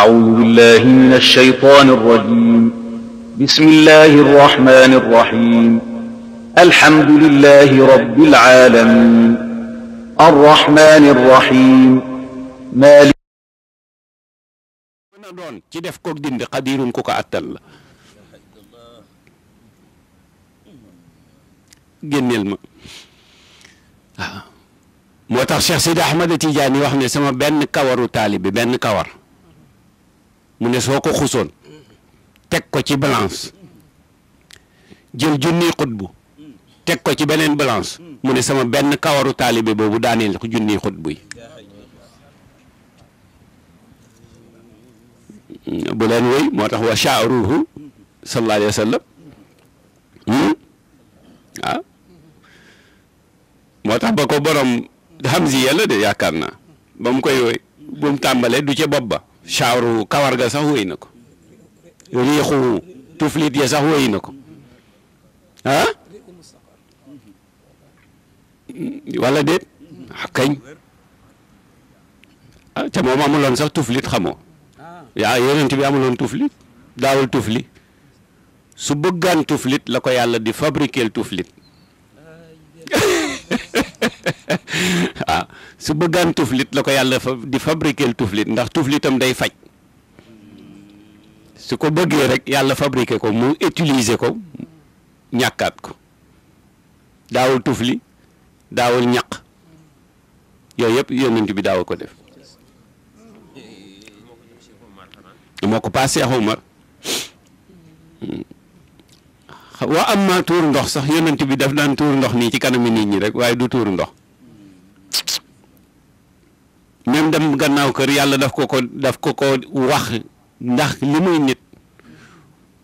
أعوذ بالله من الشيطان الرجيم بسم الله الرحمن الرحيم الحمد لله رب العالمين الرحمن الرحيم مالك na doon ci def koog dindi xadirun ku ko attal la génneel ma waaw moo tax Cheikh Sidi Ahmad Tidiane wax ne sama benn kawaru taalibe benn kawar mu ne soo ko xusoon teg ko ci balance jël junniy bu teg ko ci beneen balance mu ne sama benn kawaru taalibe boobu daaneel ko junniy xutbu yi bu leen woy moo tax wa sha'ruhu sallallahu alayhi wa hmm? ah. moo tax ba ko borom Hamziya la de yaakaar naa ba mu koy woy bu mu tàmbalee du ca bopp ba chaaru kawar ga sax wéy na ko riixu tuflit ya sax wéy na ko ah wala déet ah, kañ ah te amuloon sax tuflit xamoo yaa yonent bi amuloon tuflit daawul tufli su bëggaan tuflit la ko yàlla di fabriquer tuflit waaw ah, su bëggaan tuflit la ko yàlla di fabriquer tuflit ndax tuflitam day faj su ko bëggee rek yàlla fabrike ko mu utiliser ko ñàkkaat ko daawul tufli daawul ñaq yooyu yëpp yonent bi daawul ko def moo ko paasee Omar wa am ma tuur ndox sax yonent bi daf daan tuur ndox nii ci kanami nit ñi rek waaye du tuur ndox même dem gannaaw kër yàlla daf ko ko daf ko ko wax ndax li muy nit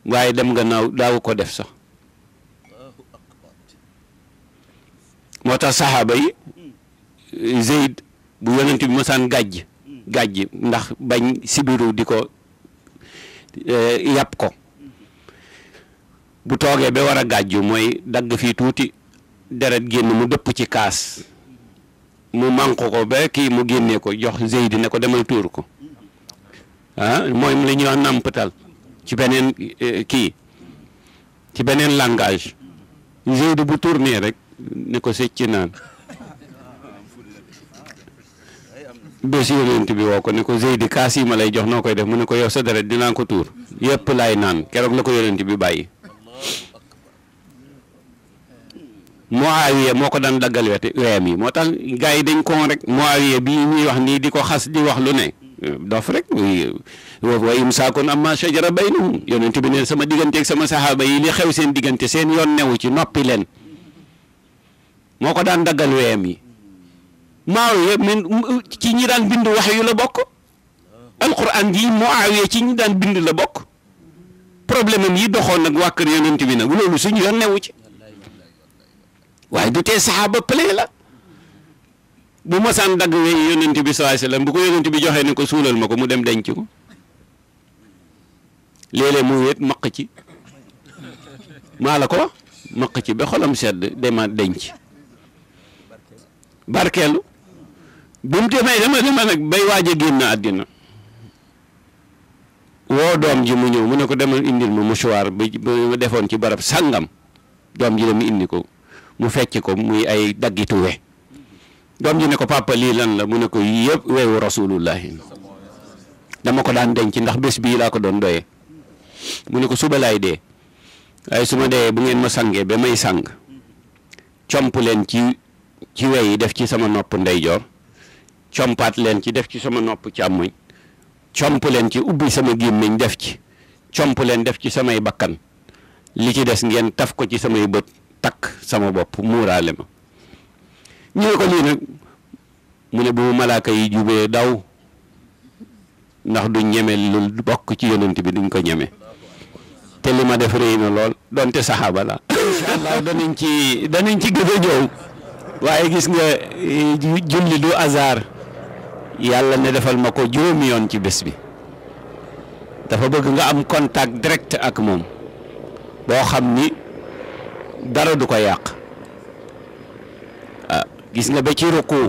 waaye dem gannaaw daawu ko def sax moo tax saxaaba yi Zeyd bu yonent bi mosaan gàjj gàjj ndax bañ sibiru di ko eh, yàpp ko bu toogee ba war a gàjju mooy dagg fii tuuti deret génn mu dëpp ci kaas mu manqu ko ba kii mu génnee ko jox zeydi ne ko demal tuur ko ah mooy li ñuy wax nàmpatal ci beneen eh, kii ci beneen langage zeydi bu tuur tourné rek ne ko sëcc naan bés yonent bi woo ko ne ko zeydi kaas yi ma lay jox noo koy def mu ne ko yow sa deret dinaa ko tuur yëpp laay naan keroog la ko yonent bi bàyyi Muawiya moo ko daan daggal weti weyam yi moo tax gaa yi dañ koon rek Muawiya bii ñuy wax nii di ko xas di wax lu ne dof rek wa imsaakun amma shajara baynahum yonent sama digganteeg sama saxaaba yi li xew seen diggante seen yoon newu ci noppi leen moo ko daan daggal weyam yi Muawiya min ci ñi daan bind wax yu la bokk alquran ji Muawiya ci ñi daan bind la bokk problème am yi doxoon nag waa kër yonent bi nag loolu suñu yoon newu ci waaye du tee ba pële la bu mosaan dagg wey yonent bi sallallahu alayhi wasallam bu ko yonent bi joxee ne ko suulal ma ko mu dem denc ko léeg-léeg wéet maq ci maa la ko wax maq ci ba xolam sedd demaat denc barkeelu bu mu demee dama dama nag bay waaj a génn àddina woo doom ji mu ñëw mu ne ko demal indil ma mouchoir ba ma defoon ci barab sàngam doom ji dem indi ko mu fecc ko muy ay daggitu we doom ji ne ko papa lii lan la mu ne ko yëpp weewu rasulullahi dama ko daan denc ndax bés bii laa ko doon doyee mu ne ko suba laay dee waaye su ma dee bu ngeen ma sangee ba may sang comp leen ci ci we yi def ci sama nopp ndeyjoor compaat leen ci def ci sama nopp càmmoñ comp leen ci ubbi sama gémmiñ def ci comp leen def ci samay bakkan li ci des ngeen taf ko ci samay bët takk sama bopp muuraale ma ñu ne ko lii nag mu ne bu malaaka yi jubee daw ndax du ñeme lu bokk ci yonent bi duñ ko ñeme te li ma def rëy na lool donte saxaaba la incha ci danañ ci gëj a ñëw waaye gis nga eh, julli du hasard yàlla na defal ma ko juróomi yoon ci bés bi dafa bëgg nga am contact direct ak moom boo xam ni dara du ko yàq ah, gis nga ba ci ruku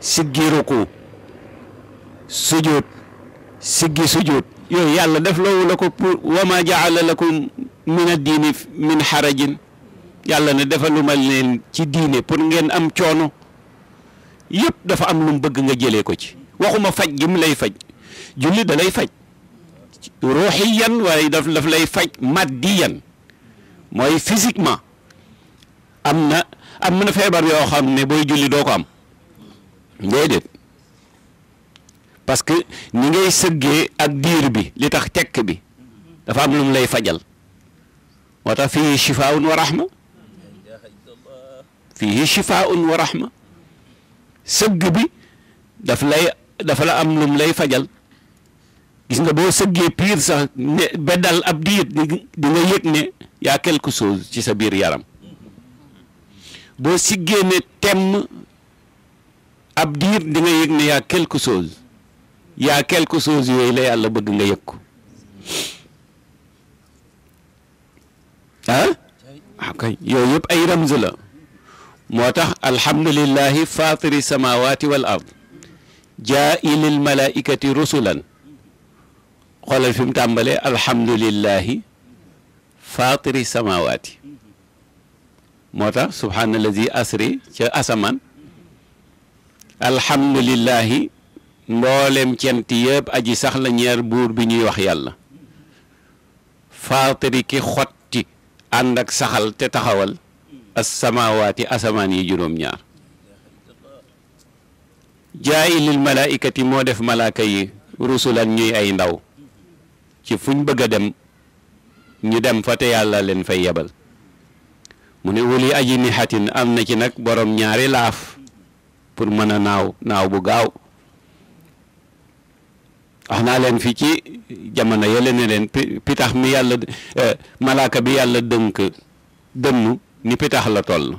siggi ruku sujud siggi sujud yooyu yàlla def loowu la ko pour wa ma jaala lakum min ad-diini min harajin yàlla ne defaluma leen ci diine pour ngeen am coono yëpp dafa am lu mu bëgg nga jëlee ko ci waxuma faj gi mu lay faj julli da lay faj ruuxiyan waaye daf daf lay faj yan mooy physiquement am na am na feebar yoo xam ne booy julli doo ko am déedéet parce que ni ngay sëggee ak diir bi li tax tekk bi dafa am lu mu lay fajal moo tax fii shifaaun wa rahma fii shifaaun wa sëgg bi daf lay dafa la am lum lay fajal gis nga boo sëggee piir sax beddal ab diit di nga yëg ne yaa quelque chose ci sa biir yaram boo siggee ne temm ab diir di nga yëg ne yaa quelque chose yaa quelque chose yooyu la yàlla bëgg nga yëg ko ah. ok ah, yooyu ay ramz la. moo tax alhamdulillahi faatiri samawati wal ard jaailil malaikati rusulan xoolal fi mu tàmbalee alhamdulillahi faatiri samawati moo tax subhaanallazi asri ca asamaan alhamdulillahi mboolem cent yëpp aji sax la ñeer buur bi ñuy wax yàlla faatiri ki xotti ànd ak saxal te taxawal assamaawaati asamaan yi juróom-ñaar jaayi lil malaaikati moo def malaaka yi rusulan ñuy ay ndaw ci fuñ bëgg a dem ñu dem fa te yàlla leen fay yebal mu ne wuli aji nixatin am na ci nag borom ñaari laaf pour mën a naaw naaw bu gaaw wax naa leen fi ci jamono yële ne leen pitax mi yàlla eh, malaaka bi yàlla dënk dënnu ni pitax la toll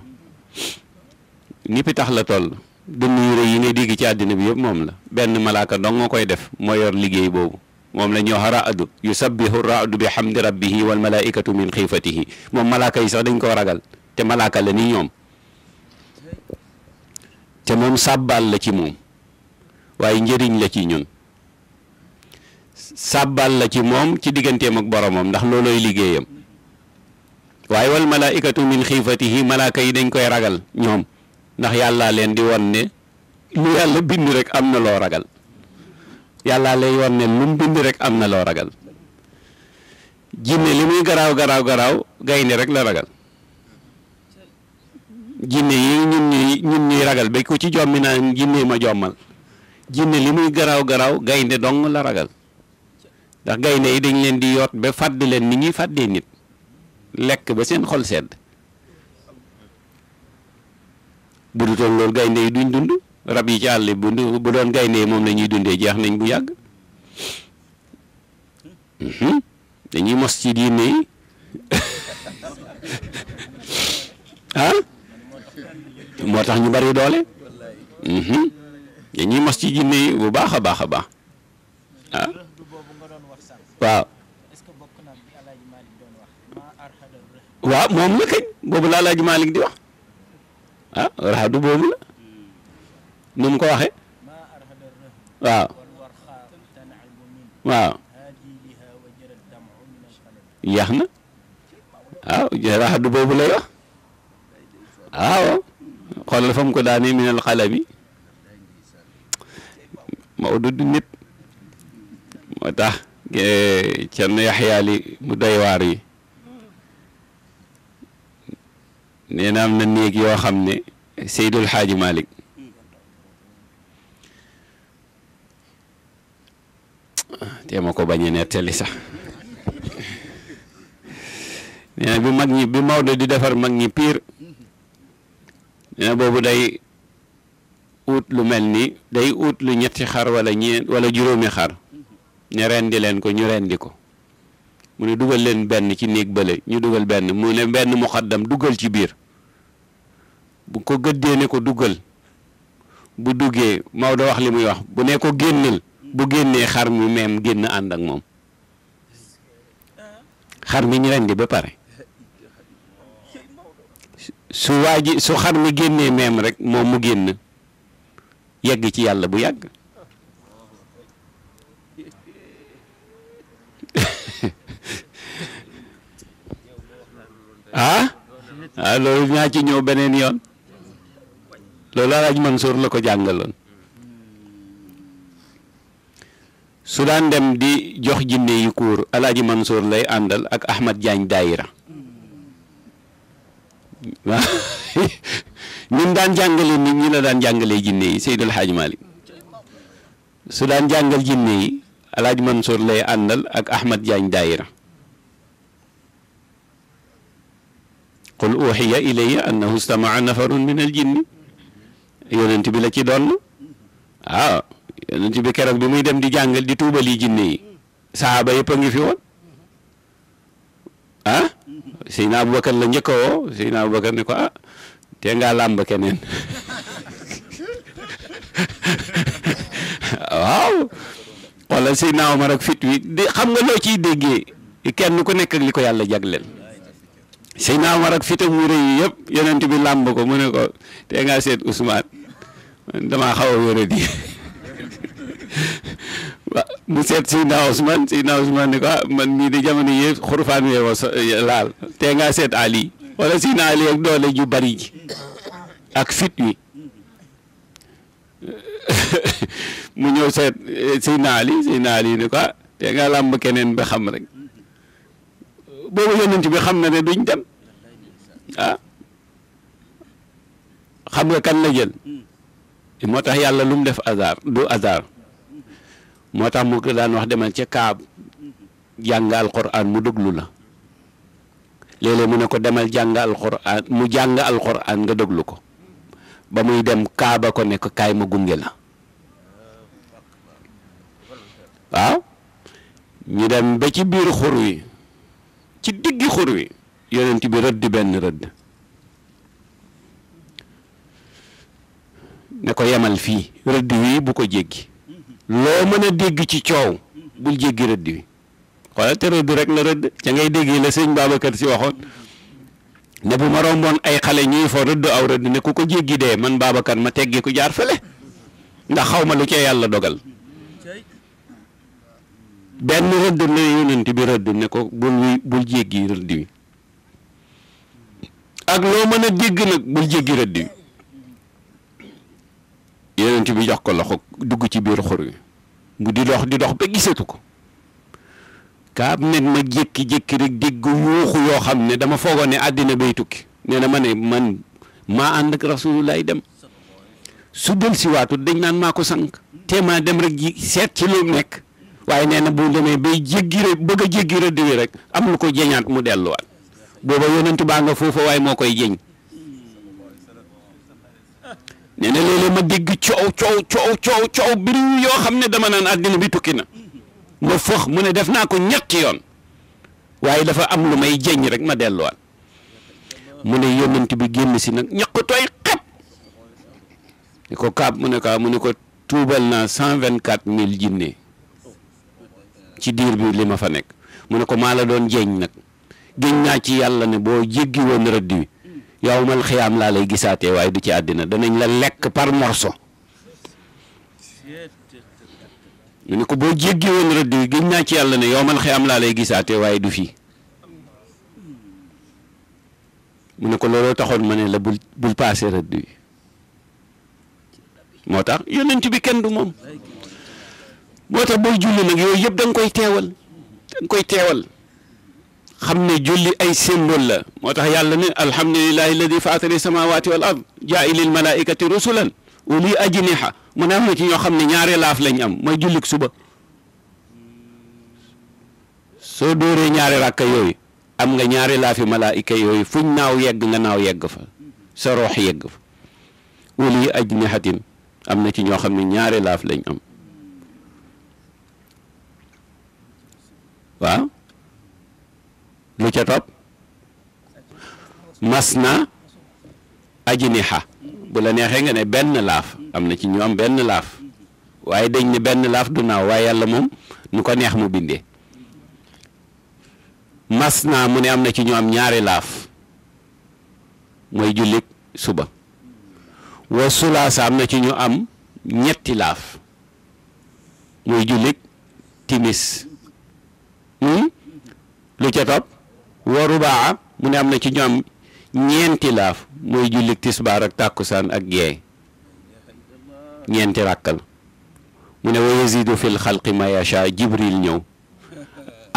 ni pitax la toll dënn yu rëy yi ngay dégg ci àddina bi yëpp moom la benn malaaka dong nga koy def moo yor liggéey boobu moom la ñuy wax raadu yusabbihu raadu bi hamdi rabbihi wal malaikatu min xiifatihi moom malaaka yi sax dañ koo ragal te malaaka la ni ñoom te moom sàbbaal la ci moom waaye njëriñ la ci ñun sàbbaal la ci moom ci digganteem ak boromam ndax loolooy liggéeyam waaye wal malaikatu min xiifatihi malaaka yi dañ koy ragal ñoom ndax yàllaa leen di won ne lu yàlla bind rek am na loo ragal yàlla lay won ne lu bind rek am na loo ragal jinne li muy garaaw garaaw garaaw gaynde rek la ragal jinne yi ñun ñuy ñun ñuy ragal ba ko ci jommi naan jinne ma jommal jinne li muy garaaw garaaw gaynde dong la ragal ndax gaynde yi dañ leen di yoot ba fàdd leen ni ñuy fàddee nit lekk ba seen xol sedd bu dutoon loolu gaynde yi duñ dund rab yi ci àll bu bu doon gaynde moom lañuy dundee jeex nañ bu yàgg mhm. dañuy mos ci diine yi ah moo tax ñu bari doole mhm. dañuy mos ci diine yi bu baax a baax a baax ah? waaw waaw moom la kañ boobu laa laaj Malick di wax ah raxadu boobu la nu mu ko waxee waaw waaw yax na waaw raxadu boobu lay wax waaw xoolal fa mu ko daanee minal xalabi Maodo du nit moo tax kenn eh, yaxyaali mu doy waar yi. nee na am na néeg yoo xam ne Seydul Xaaji Malik te ma ko bañ a nettali sax nee bi mag ñi bi Maodo di defar mag ñi piir nee boobu day ut lu mel ni day ut lu ñetti xar wala ñeent wala juróomi xar ñu rendi leen ko ñu rendi ko mu ne dugal leen benn ci néeg bële ñu dugal benn mu ne benn muqaddam dugal ci biir bu ko gëddee ne ko dugal bu duggee doo wax li muy wax bu ne ko génnal bu génnee xar mi même génn ànd ak moom xar mi ñu rendi ba pare su waa ji su xar mi génnee même rek moom mu génn yegg ci yàlla bu yàgg ah ah loolu ñaa ci ñëw beneen yoon loolu alaaj Mansour la ko jàngaloon su daan dem di jox jinne yi kuur alaaji Mansour lay àndal ak Ahmad jaañ daayira waaw mu daan jàngale nit ñi la daan jàngalee jinne yi Seydou El Hadj su daan jàngal jinne yi alaaj Mansour lay àndal ak Ahmad Diagne daayira qul uxiya ilayya annahu stamaa nafarun min al jinni yonent bi la ci doon ah yonent keroog bi muy dem di jàngal di tuubali jinne yi saaba yëpp a ngi fi woon ah Seydina Aboubacar la njëkk a woo Seydina Aboubacar ne ko ah te ngaa làmb keneen waaw wala Seydina Omar ak fit wi di xam nga loo ciy déggee kenn ku nekk ak li ko yàlla jagleel. Seydina Omar ak fitam mu rëy yëpp yonent bi làmb ko mu ne ko te nga seet Ousmane damaa xaw a wéra mu seet Seydina Ousmane Seydina Ousmane ne ko ah man mii di jamono yëpp xurfaan wee wa laal te nga seet Ali wala Seydina Ali ak doole ju bari ji ak fit wi mu ñëw seet eh, Seydina Ali Seydina Ali ne ko ah nga làmb keneen ba xam rek boobu yonent bi xam na ne duñ dem ah. xam nga kan la jël moo tax yàlla lu mu def hasard du hasard moo tax mu ko daan wax demal ca kaab jàng alquran mu déglu la léeg-léeg mu ne ko demal jàng alquran mu jàng alquran nga déglu ko ba muy dem kaaba ko ne kaay ma gunge la waaw ah. ñu dem ba ci biir xur wi ci diggi xur wi yonent bi rëdd benn rëdd ne ko yemal fii rëdd wi bu ko jéggi loo mën a dégg ci coow bul jéggi rëdd wi xoolal te rëdd rek la rëdd ca ngay dégg la sëñ Babacar si waxoon ne bu ma romboon ay xale ñuy fo rëdd aw rëdd ne ku ko jéggi dee man Babacar ma teggee ku jaar fële ndax xaw ma lu ca yàlla dogal benn rëdd la yonent bi rëdd ne ko bul bul jéggi rëdd wi ak loo mën a dégg nag bul jéggi rëdd wi yonent bi jox ko loxo dugg ci biir xur wi mu di dox di dox ba gisatu ko kaab ne ma jékki-jékki rek dégg yuuxu yoo xam ne dama foogoon ne àddina bay tukki ne na ma ne man maa ànd ak rasulullaay dem su del si waatu dañ naan maa ko sànq te maa dem rek ji seet ci lu nekk waaye nee na bu demee bay jéggi rek bëgg a jéggi rëdd wi rek am lu ko jeñaat mu delluwaat booba yonentu baa nga foofa waaye moo koy jeñ nee na ma dégg coow coow coow coow coow biriw yoo xam ne dama naan àddina bi tukki na ma fox mu ne def naa ko ñetti yoon waaye dafa am lu may jeñ rek ma delluwaat mu ne yonent bi génn si nag ñaq tooy xep ni ko kaab mu ne kaa mu ne ko tuubal naa cent vingt quatre mille jinne ci diir bi li ma fa nekk mu ne ko maa la doon jeeñ nag géñ naa ci yàlla ne boo jéggi woon rëdd wi yow mal xiyaam laa lay gisaatee waaye du ci àddina danañ la lekk par morceau mu ko boo jéggi rëdd wi naa ci yàlla ne yow mal xiyaam laa lay gisaatee waaye du fii mu ne ko looloo taxoon ma ne la bul bul paase rëdd wi moo tax yonent bi kenn du moom moo tax booy julli nag yooyu yëpp da koy teewal da koy teewal xam ne julli ay symbole la moo tax yàlla ne alhamdulillahi alladi faatari samawati wal ard jaailil malaikati rusulan uli ajniha mu ne am na ci ñoo xam ne ñaare laaf lañ am mooy jullik suba soo dóoree ñaare ràkka yooyu am nga ñaari laafi malaayika yooyu fuñ naaw yegg nga naaw yegg fa sa roox yegg fa uli ajnihatin am na ci ñoo xam ne ñaare laaf lañ am waaw lu ca topp mas na ajiniha bu la neexee nga ne benn laaf am na ci ñu am benn laaf waaye dañ ne benn laaf du naaw waaye yàlla moom nu ko neex mu bindee mas naa mu ne am na ci ñu am ñaari laaf mooy jullit suba wa sulaasa am na ci ñu am ñetti laaf mooy jullit timis Hmm? lu ca topp wa mu ne am na ci ñoom ñeenti laaf mooy jullik tisbaar ak tàkkusaan ak geey ñeenti ràkkal mu ne wa yazidu fil xalqi ma yasha jibril ñëw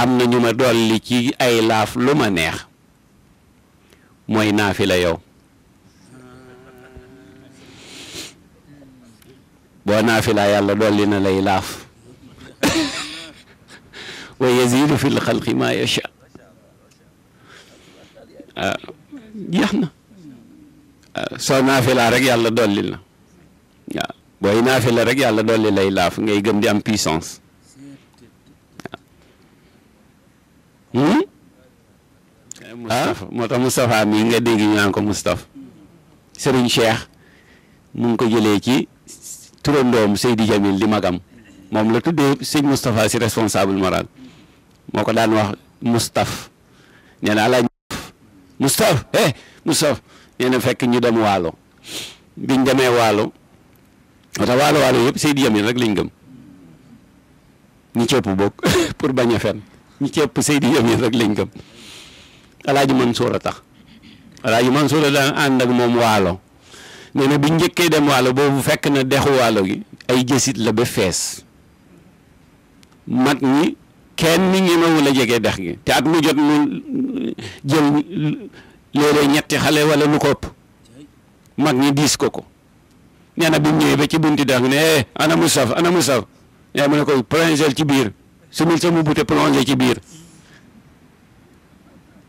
am na ñu ma dolli ci ay laaf lu ma neex mooy naafila yow boo naafila yàlla dolli na lay laaf wa yazidu fi lxalqi maa yacha waaw ah, jeex na waaw ah, soo naafilaa rek yàlla dolli la booy naafila rek yàlla dolli lay laaf ngay gën di am puissance waaw hmm? eh, eh, Moustapha moo tax Moustapha mii nga dégg ñu naan ko Moustapha Serigne Cheikh mu ko jëlee ci turandoom Seydi Jamil di magam moom la tuddee sëñ Moustapha si responsable moral moo ko daan wax Moustapha nee na alaaj Moustapha eh fekk ñu dem waalo biñ demee waalo wata waalo waalo yëpp Seydi Jamil rek lañ gëm ñi cëpp bokk bañ fen ñi cëpp Seydi Jamil rek lañ gëm alaaji Mansour a tax alaaji Mansour a daan ànd ak moom waalo nee na bi njëkkee dem waalo boobu fekk na dexu waalo gi ay jësit la ba fees mag ñi kenn ñemewu la jege dex gi te at mu jot mu jël léeg ñetti xale wala lu ko mag ñi diis ko ko nee na bi ñëwee ba ci bunti dex gi ne eh, ana mu saf ana mu saf nee mu ne ko plongel ci biir sumul sa mbubb te plongé ci biir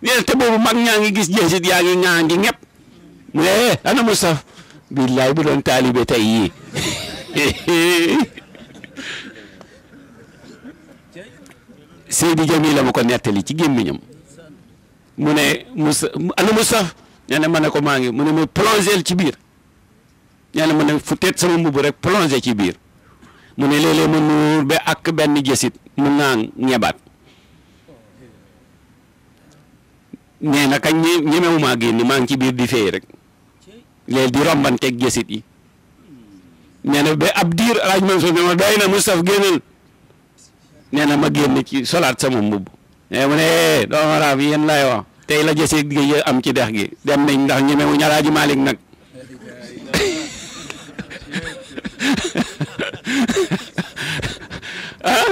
nee te boobu mag ñaa ngi gis jeexit yaa ngi ñaa ngi ñëpp mu ne eh ana mu saf billaay bu doon taalibe tey yii Seydi Jamil la ma ko nettali ci gémmiñam mu ne Moussa ana Moussa nee na ma ne ko maa ngi mu ne ma ci biir ñaana na ma ne fu teet sama mbubb rek plongé ci biir mu ne léeg-léeg ma nuur ba ak benn jësit mu naan ñebaat nee na kañ ñemewu maa génn maa ngi ci biir di fay rek léegi di rombanteeg jësit yi nee na ba ab diir alaaj Mansour ne ma doy na génnal nee na ma génn ci solaat sama mbubb mais eh, mu ne eh, doomu araab yi tey la jësee gi am ci dex gi dem nañ ndax ñemewuñu Alaaji Maalik nag ah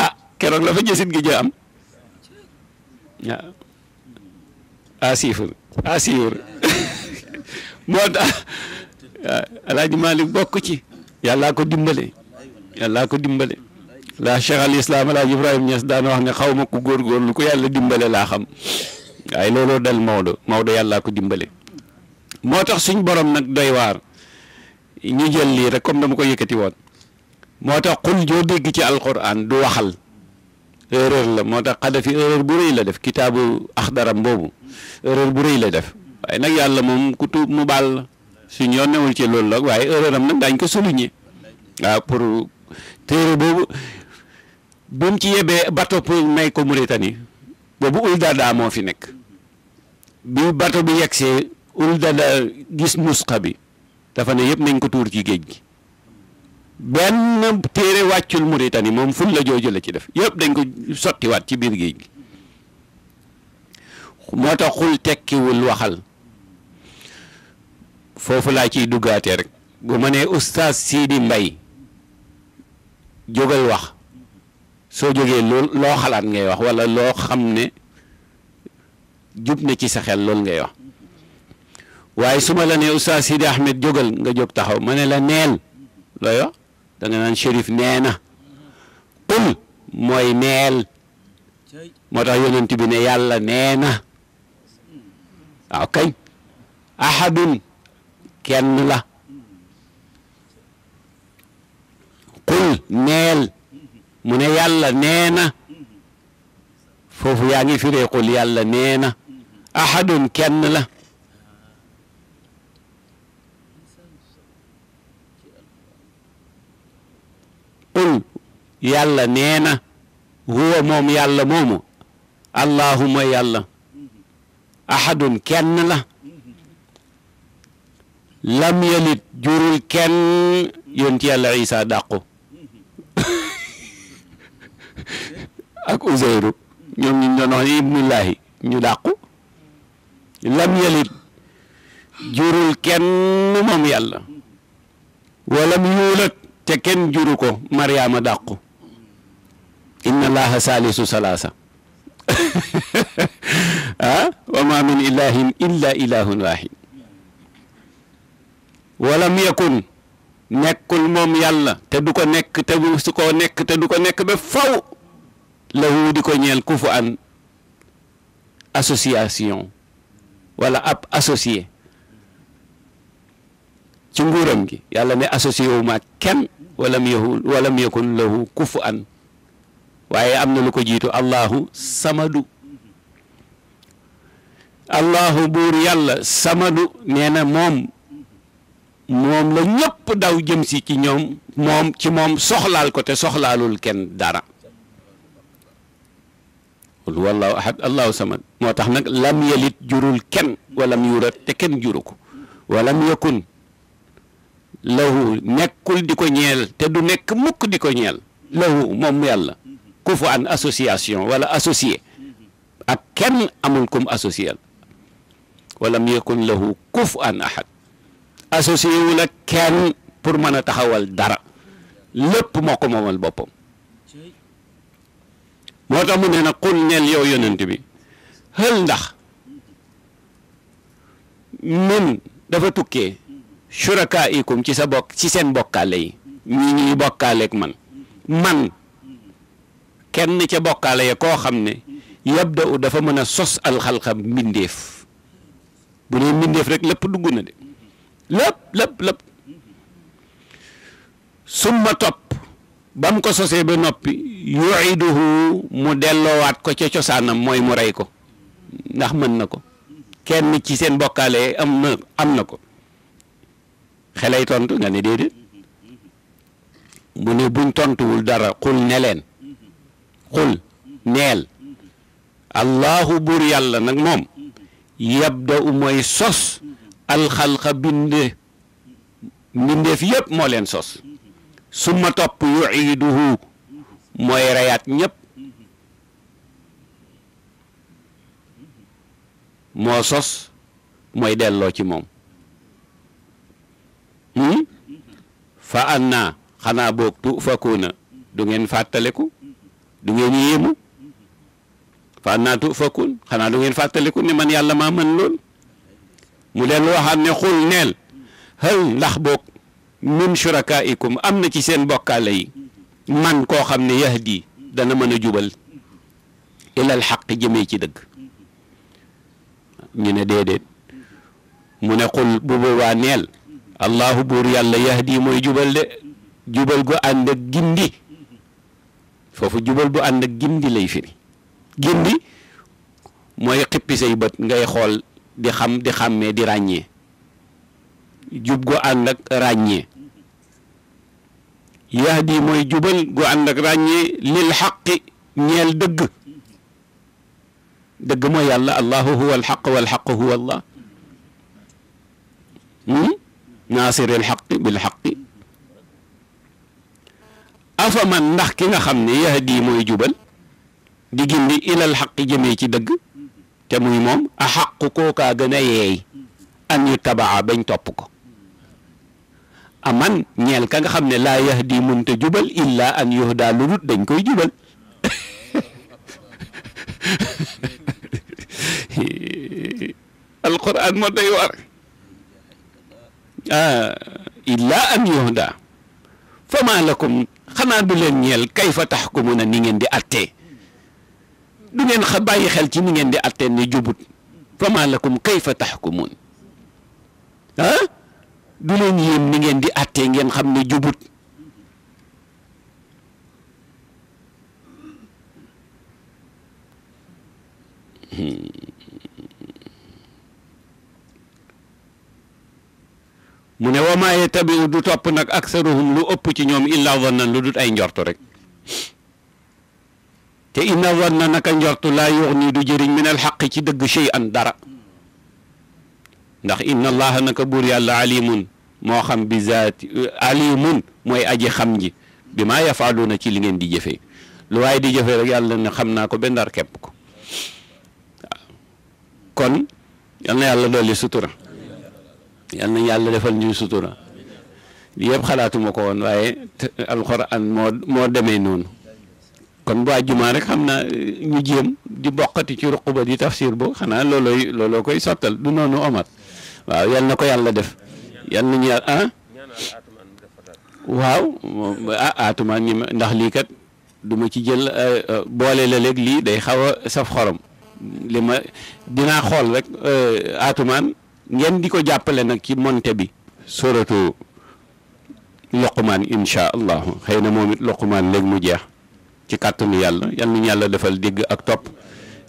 ah keroog la fa jësit gi jë am waaw à suivre à moo tax ah, Alaaji Maalik bokk ci yàllaa ko dimbale yàllaa ko dimbale laa cheikh al islam alaaj ibrahima Niass daan wax ne xaw ma ku góorgóorlu ko yàlla dimbale laa xam waaye looloo dal Maodo Maodo yàllaa ko dimbale moo tax suñ borom nag doy waar ñu jël lii rek comme dama ko yëkkati woon moo tax xul joo dégg ci alquran du waxal erreur la moo tax xadafi erreur bu rëy la def kitaabu axdaram boobu erreur bu rëy la def waaye nag yàlla moom ku tuub mu baal la suñ yoon newul ci loolu la waaye erreur nag daañ ko souligner waaw bi mu ci yebee bato pour may ko Mauritanie boobu ul dada moo fi nekk bi bato bi yegsee ul dada gis nusxa bi dafa ne yëpp nañ ko tuur ci géej gi benn téere wàccul Mauritanie moom ful la jooju la ci def yëpp dañ ko sottiwaat ci biir géej gi moo tax xul tekkiwul waxal foofu laa ciy duggaatee rek bu ma nee oustaz Sidi Mbay jógal wax soo jógee lool loo xalaat ngay wax walla loo xam ne jub na ci sa xel loolu ngay wax waaye su ma la nee Oustaz Sidi Ahmed jógal nga jóg taxaw ma ne la neel looy wax da naan shérif nee na mooy neel moo tax yonent bi ne yàlla nee na waaw kañ kenn la qul neel mu ne yàlla nee na foofu yaa ngi firee qul yàlla nee na ahadun kenn la qul yàlla nee na huwa moom yàlla moomu allahuma yàlla ahadun kenn la lam yalit jurul kenn yoon ci yàlla isa dàqu ak Uzayru ñoom ñu doon ibnullahi ñu dàqu lam yalit jurul kenn moom yàlla walam yuulat te kenn juru ko Mariama dàqu inna allaha salisu salaasa ah, wa ma min ilahin illa ilahun wahid walam yakun nekkul moom yàlla te du nekk te du nekk te faw lahu di ko ñeel ku fu an association wala ab associé ci nguuram gi yàlla ne associé wu kenn walam yahu yakun lahu kufu an waaye am na lu ko jiitu allahu samadu allahu buur yàlla samadu nee na moom moom la ñëpp daw jëm si ci ñoom moom ci moom soxlaal ko te soxlaalul kenn dara qul huwallahu ahad allahu moo tax nag lam yelit jurul kenn walam yurat te kenn juru ko walam yakun lahu di ko ñeel te du nekk mukk di ko ñeel lahu moom yàlla ku an association wala associé ak kenn amul kum associé walam yakun lahu kuf an ahad associé wu la kenn pour mën a taxawal dara lépp moo ko moomal boppam moo tax mu ne nag xul neel yow yonent bi xël ndax mun dafa tukkee suraka ikum ci sa bokk ci seen bokkaale yi ñi ñuy bokkaaleeg man man kenn ca bokkaale ya koo xam ne yabda u dafa mën a sos alxalxam mbindeef bu dee mbindeef rek lépp dugg na de lépp lépp lépp topp ba mu ko sosee ba noppi yuiduhu mu delloowaat ko ca cosaanam mooy mu rey ko ndax mën na ko kenn ci seen bokkaale am na ko xelay tontu nga ne déedéet mu ne buñ tontuwul dara xul ne leen xul neel allahu buur yàlla nag moom yabda u sos alxalxa binde mbindeef yëpp moo leen sos summa topp yuiiduhu mooy reyaat ñépp moo sos mooy delloo ci moom hmm? fa anna xanaa boog tu fakuuna du ngeen fàttaliku du ngeen yéemu fa anna tu fakuun xanaa du ngeen fàttaliku ne man yàlla maa man lool mu dellu waxaat ne xul neel hël ndax boog min shurakaikum am na ci seen bokkaale yi man koo xam ne yahdi dana mën a jubal ilal xaq jëmee ci dëgg ñu ne déedéet mu ne xul bu boobaa neel allahu buur yàlla yahdi mooy jubal de jubal gu ànd ak gindi foofu jubal bu ànd ak gindi lay firi gindi mooy xippi say bët ngay xool di xam di xàmmee di ràññee jub gu ànd ak ràññee yahdi mooy jubal gu ànd ak ràññee lil xaqi ñeel dëgg dëgg mooy yàlla allahu huwa alxaq walxaq huwa allah hmm? naasiri alxaqi bilxaqi afa man ndax ki nga xam ne yahdi mooy jubal di gindi ilal xaqi jëmee ci dëgg te muy moom a xaq kookaa gën a yeey an yu tabaa bañ topp ko aman ñeel ka nga xam ne la yahdi munta jubal illa an yuhda lu dut dañ koy jubal alquran moo day war ah illa an yuhda fama lakum xanaa du leen ñeel kayfa taxkumuna ni ngeen di attee du ngeen xa xel ci ni ngeen di atte ne jubut fama lakum kayfa taxkumun ah du leen yéem ni ngeen di àttee ngeen xam ne jubut mu ne wamaa yattabi'u du topp nag aksaruhum lu ëpp ci ñoom illaa zannan lu dut ay njortu rek te inna zanna naka njortu la yuxni du jëriñ min al xaq ci dëgg shay'an dara ndax inna allaha naka buur yàlla alimun moo xam bi zaati alimun mooy aji xam ji bi maa yafaaluuna ci li ngeen di jëfee lu waaye di jëfee rek yàlla ne xam naa ko benn ndar képp ko kon yal na yàlla dolli sutura yal na yàlla defal ñu sutura yëpp xalaatuma ko woon waaye alxuraan moo moo demee noonu kon bu àjjuma rek xam naa eh, ñu jéem di boqati ci ruq ba di tafsir bo xanaa loolooy looloo koy sottal du noonu Omar waaw yal na ko yàlla def yal nañu yàlla ah waaw ah ndax lii kat du ma ci jël eh, eh, boole léeg lii day xaw a saf xorom li ma dinaa xool rek aatumaan ngeen di ko jàppale nag ci monte bi suratu loqumaan incha allahu xëy na moom it loqumaan léegi mu jeex ci kàttanu yàlla yal yàlla defal dégg ak topp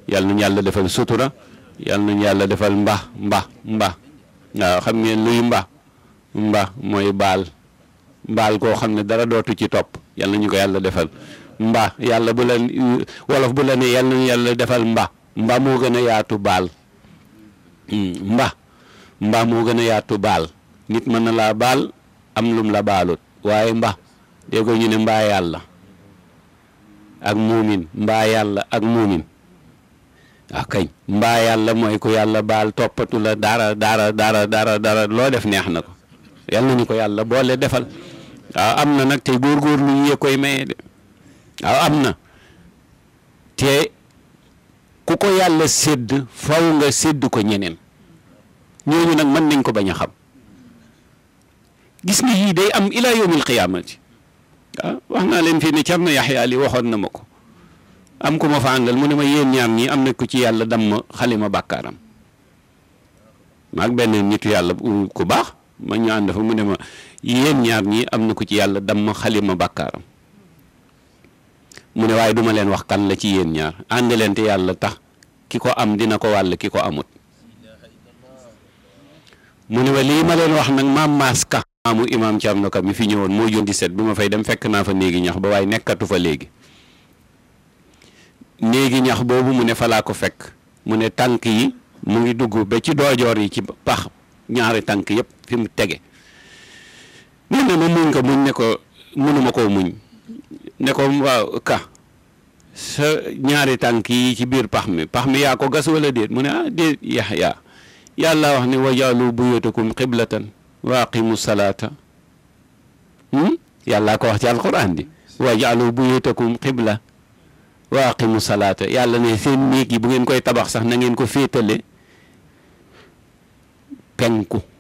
yal yàlla defal sutura yal nañu yàlla defal mba mba mba xam ngeen luy mba mba mooy baal mbaal koo xam ne dara dootu ci topp yal nañu ko yàlla defal mba yàlla bu la bu la ne yal nañu yàlla defal mba mba moo gën a yaatu baal hmm, mba mba moo gën a yaatu baal nit mën na laa baal am lum la baalut waaye mba déggoo ñu ne mbaa yàlla ak muumin mbaa yàlla ak muumin waaw ah, kañ mbaa yàlla mooy ko yàlla baal toppatula la dara dara dara dara loo def neex na ko yal ko yàlla boole defal waaw ah, am na nag te góorgóorlu yi koy maye de waaw ah, am na te ku ko yàlla sedd faw nga sedd ko ñeneen ñooñu nag mën nañ ko bañ a xam gis nga yii day am ilaa yawmil qiyaamati ah wax naa leen fii ne Cerno Yaxya Ali waxoon na ma ko am ku ma fa àndal mu ne ma yéen ñaar ñii am na ko ci yàlla dam ma xalima bàkkaaram maag benn nitu yàlla ku baax ma ñu ànd mu ne ma yéen ñaar ñii am na ku ci yàlla dam ma xalima bàkkaaram mu ne waaye duma leen wax kan la ci yéen ñaar ànd leen te yàlla tax ki ko am dina ko wàll ki ko amut mu ne ma lii ma leen wax nag maam maaska maamu imaam Thiam Ndoka mi fi ñëwoon moo jëndi set bi ma fay dem fekk naa fa néegi ñax ba waaye nekkatu fa léegi néegi ñax boobu mu ne fa laa ko fekk mu ne tànk yi mu ngi dugg ba ci doojoor yi ci pax ñaari tànk yëpp fi mu tege nee na ma muñ ko muñ ne ko mënuma koo muñ ne ko waaw ka sa ñaari tànk yi ci biir pax mi pax mi yaa ko gas wala déet mu ne ah déet yax yaa yàlla wax ne wajaalu buyutakum xiblatan wa aqimu salaata hmm? yàlla ko wax ci alquran di wajaalu buyutakum qibla wa aqimu salaata yàlla ne seen néeg yi bu ngeen koy tabax sax na ngeen ko féetale penku